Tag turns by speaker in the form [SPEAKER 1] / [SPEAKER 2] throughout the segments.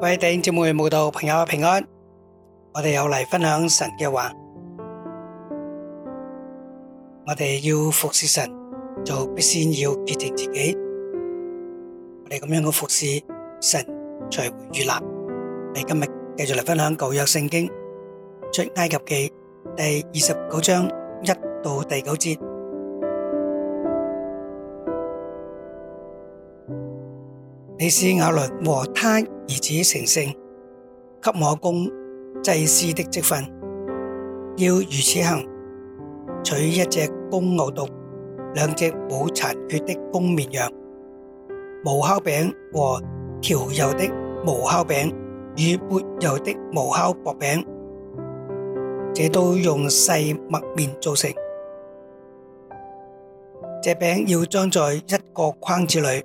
[SPEAKER 1] 各位弟兄姊妹、慕道朋友平安，我哋又嚟分享神嘅話。我哋要服侍神，就必先要潔淨自己。我哋咁樣嘅服侍神才會遇難。我哋今日繼續嚟分享舊約聖經出埃及記第二十九章一到第九節。你使亞倫和他兒子成聖，給我供祭司的職分。要如此行：取一隻公牛犢，兩隻無殘缺的公綿羊，無酵餅和調油的無酵餅與抹油的無酵薄餅，這都用細麥麵做成。這餅要裝在一個框子裏。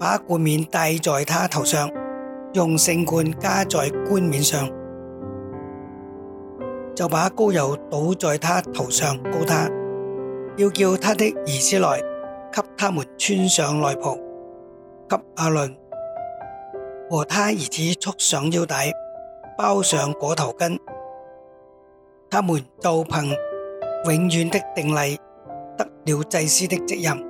[SPEAKER 1] 把冠冕戴在他頭上，用聖冠加在冠冕上，就把膏油倒在他頭上膏他，要叫他的兒子來給他們穿上內袍，給阿倫和他兒子束上腰帶，包上裹頭巾，他們就憑永遠的定例得了祭司的職任。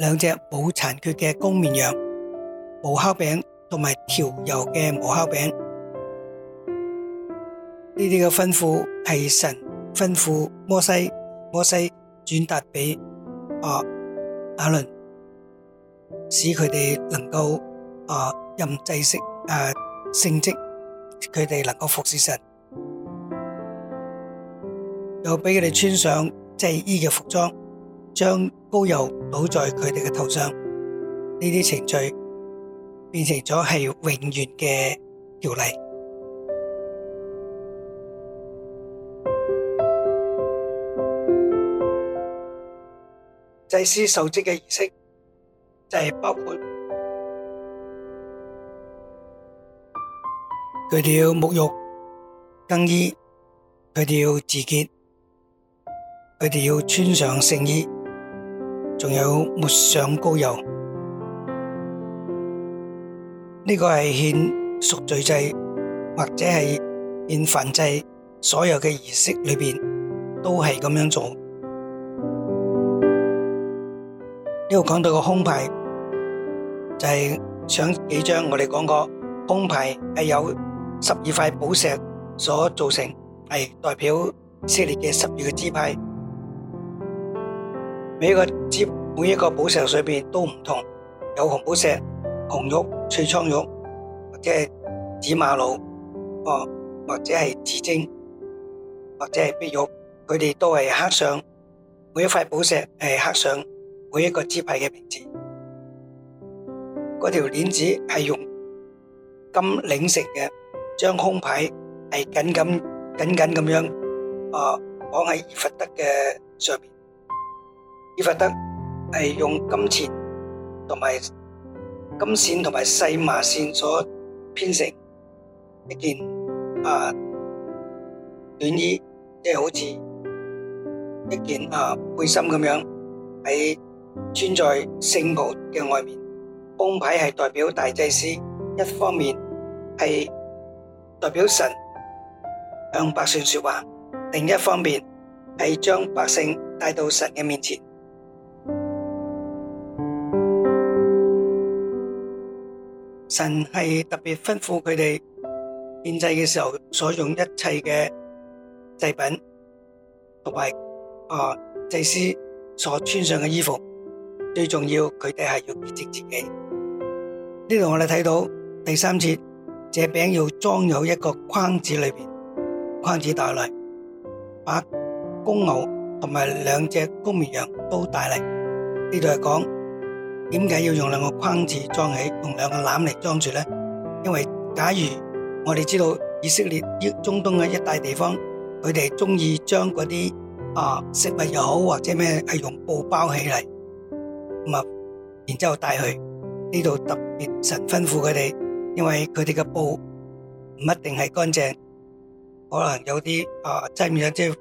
[SPEAKER 1] 兩隻冇殘缺嘅公綿羊、無酵餅同埋調油嘅無酵餅，呢啲嘅吩咐係神吩咐摩西，摩西轉達俾啊亞倫，使佢哋能夠啊任祭司啊聖職，佢哋能夠服侍神，又俾佢哋穿上祭衣嘅服裝。將膏油倒在佢哋嘅頭上，呢啲程序變成咗係永遠嘅條例。祭司受職嘅儀式就係包括佢哋要沐浴、更衣，佢哋要自潔，佢哋要穿上聖衣。仲有抹上膏油，呢個係獻贖罪祭或者係獻燔祭，所有嘅儀式裏面都係咁樣做。呢度講到個胸牌，就係上幾張我哋講過胸牌係由十二塊寶石所做成，係代表以色列嘅十二個支派。每一個每一個寶石上面都唔同，有紅寶石、紅玉、翠蒼玉，或者係紫瑪瑙，哦，或者係紫晶，或者係碧玉，佢哋都係刻上每一塊寶石係刻上每一個支派嘅名字。嗰條鏈子係用金擰成嘅，將胸牌係緊緊緊緊咁樣，啊，綁喺以弗得嘅上面。伊弗德係用金線同埋金線同埋細麻線所編成一件啊短衣，即係好似一件啊背心咁樣，喺穿在聖袍嘅外面。公牌係代表大祭司，一方面係代表神向百姓說話，另一方面係將百姓帶到神嘅面前。神係特別吩咐佢哋獻祭嘅時候所用一切嘅祭品，同埋啊祭司所穿上嘅衣服，最重要佢哋係要潔淨自己。呢度我哋睇到第三節，這餅要裝有一個框子裏邊，框子帶嚟，把公牛同埋兩隻公綿羊都帶嚟。呢度係講。點解要用兩個框子裝起，用兩個籃嚟裝住咧？因為假如我哋知道以色列、中東嘅一帶地方，佢哋中意將嗰啲啊食物又好或者咩係用布包起嚟，咁啊，然之後帶去呢度特別神吩咐佢哋，因為佢哋嘅布唔一定係乾淨，可能有啲啊擠唔入即係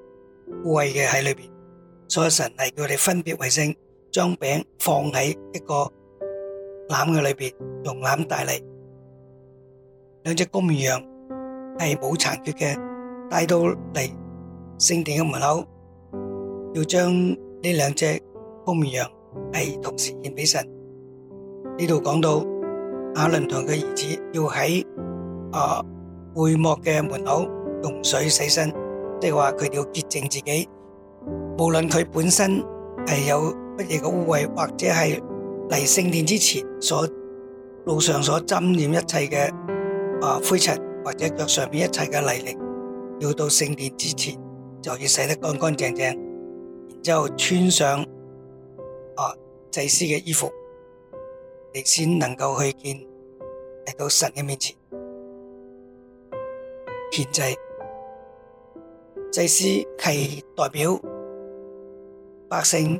[SPEAKER 1] 污穢嘅喺裏邊，所以神係叫佢哋分別為聖。將餅放喺一個籃嘅裏邊，用籃帶嚟。兩隻公綿羊係冇殘缺嘅，帶到嚟聖殿嘅門口，要將呢兩隻公綿羊係同時獻俾神。呢度講到亞倫同佢嘅兒子要喺啊會幕嘅門口用水洗身，即係話佢哋要潔淨自己，無論佢本身係有。乜嘢嘅污穢，或者係嚟聖殿之前所路上所浸染一切嘅啊灰塵，或者腳上邊一切嘅泥濘，要到，到聖殿之前就要洗得乾乾淨淨，然之後穿上啊祭司嘅衣服，你先能夠去見嚟到神嘅面前獻祭。祭司係代表百姓。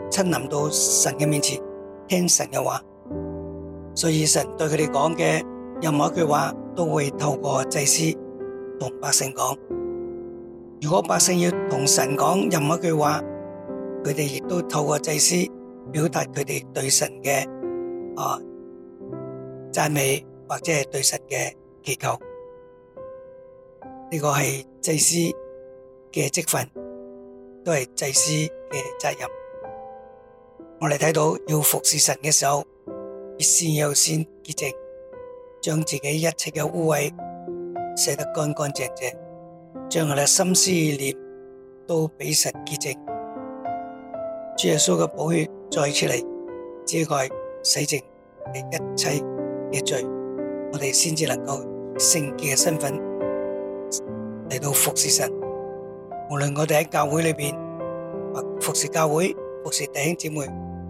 [SPEAKER 1] 親臨到神嘅面前，聽神嘅話，所以神對佢哋講嘅任何一句話，都會透過祭司同百姓講。如果百姓要同神講任何一句話，佢哋亦都透過祭司表達佢哋對神嘅啊讚美或者係對神嘅祈求。呢個係祭司嘅職份，都係祭司嘅責任。我哋睇到要服侍神嘅時候，先要先潔淨，將自己一切嘅污穢洗得乾乾淨淨，將我哋心思意念都俾神潔淨。主耶穌嘅寶血再次嚟遮蓋洗淨你一切嘅罪，我哋先至能夠聖潔嘅身份嚟到服侍神。無論我哋喺教會裏邊或服侍教會、服侍弟兄姊妹。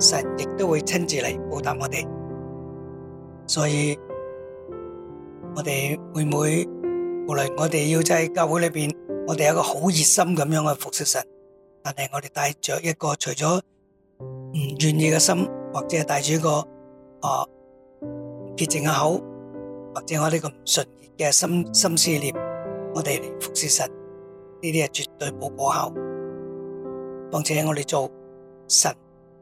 [SPEAKER 1] 神亦都會親自嚟報答我哋，所以我哋每每無論我哋要就喺教會裏邊，我哋有個好熱心咁樣嘅服侍神，但係我哋帶着一個除咗唔願意嘅心，或者係帶住一個唔潔淨嘅口，或者我哋個唔純潔嘅心心思念，我哋嚟服侍神呢啲係絕對冇果效，況且我哋做神。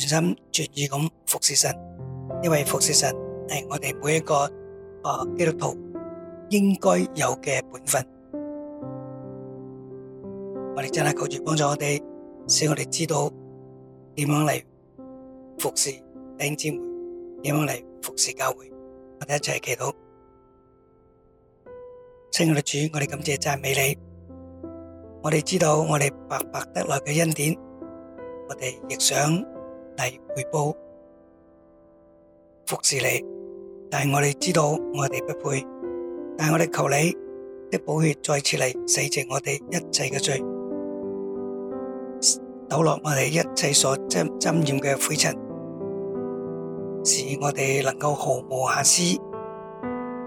[SPEAKER 1] 全心全意咁服侍神，因為服侍神係我哋每一個誒基督徒應該有嘅本分。我哋真係靠住幫助我哋，使我哋知道點樣嚟服侍弟兄姊妹，點樣嚟服侍教會。我哋一齊祈禱，親愛的主，我哋感謝讚美你。我哋知道我哋白白得來嘅恩典，我哋亦想。嚟回報服侍你，但係我哋知道我哋不配，但係我哋求你的寶血再次嚟洗淨我哋一切嘅罪，抖落我哋一切所沾沾染嘅灰塵，使我哋能夠毫無瑕疵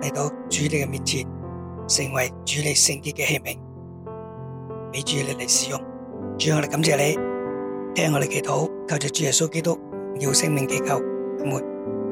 [SPEAKER 1] 嚟到主你嘅面前，成為主你聖潔嘅器皿，俾主你嚟使用。主，我哋感謝你聽我哋祈禱。靠着主耶穌基督，要性命祈求，阿門。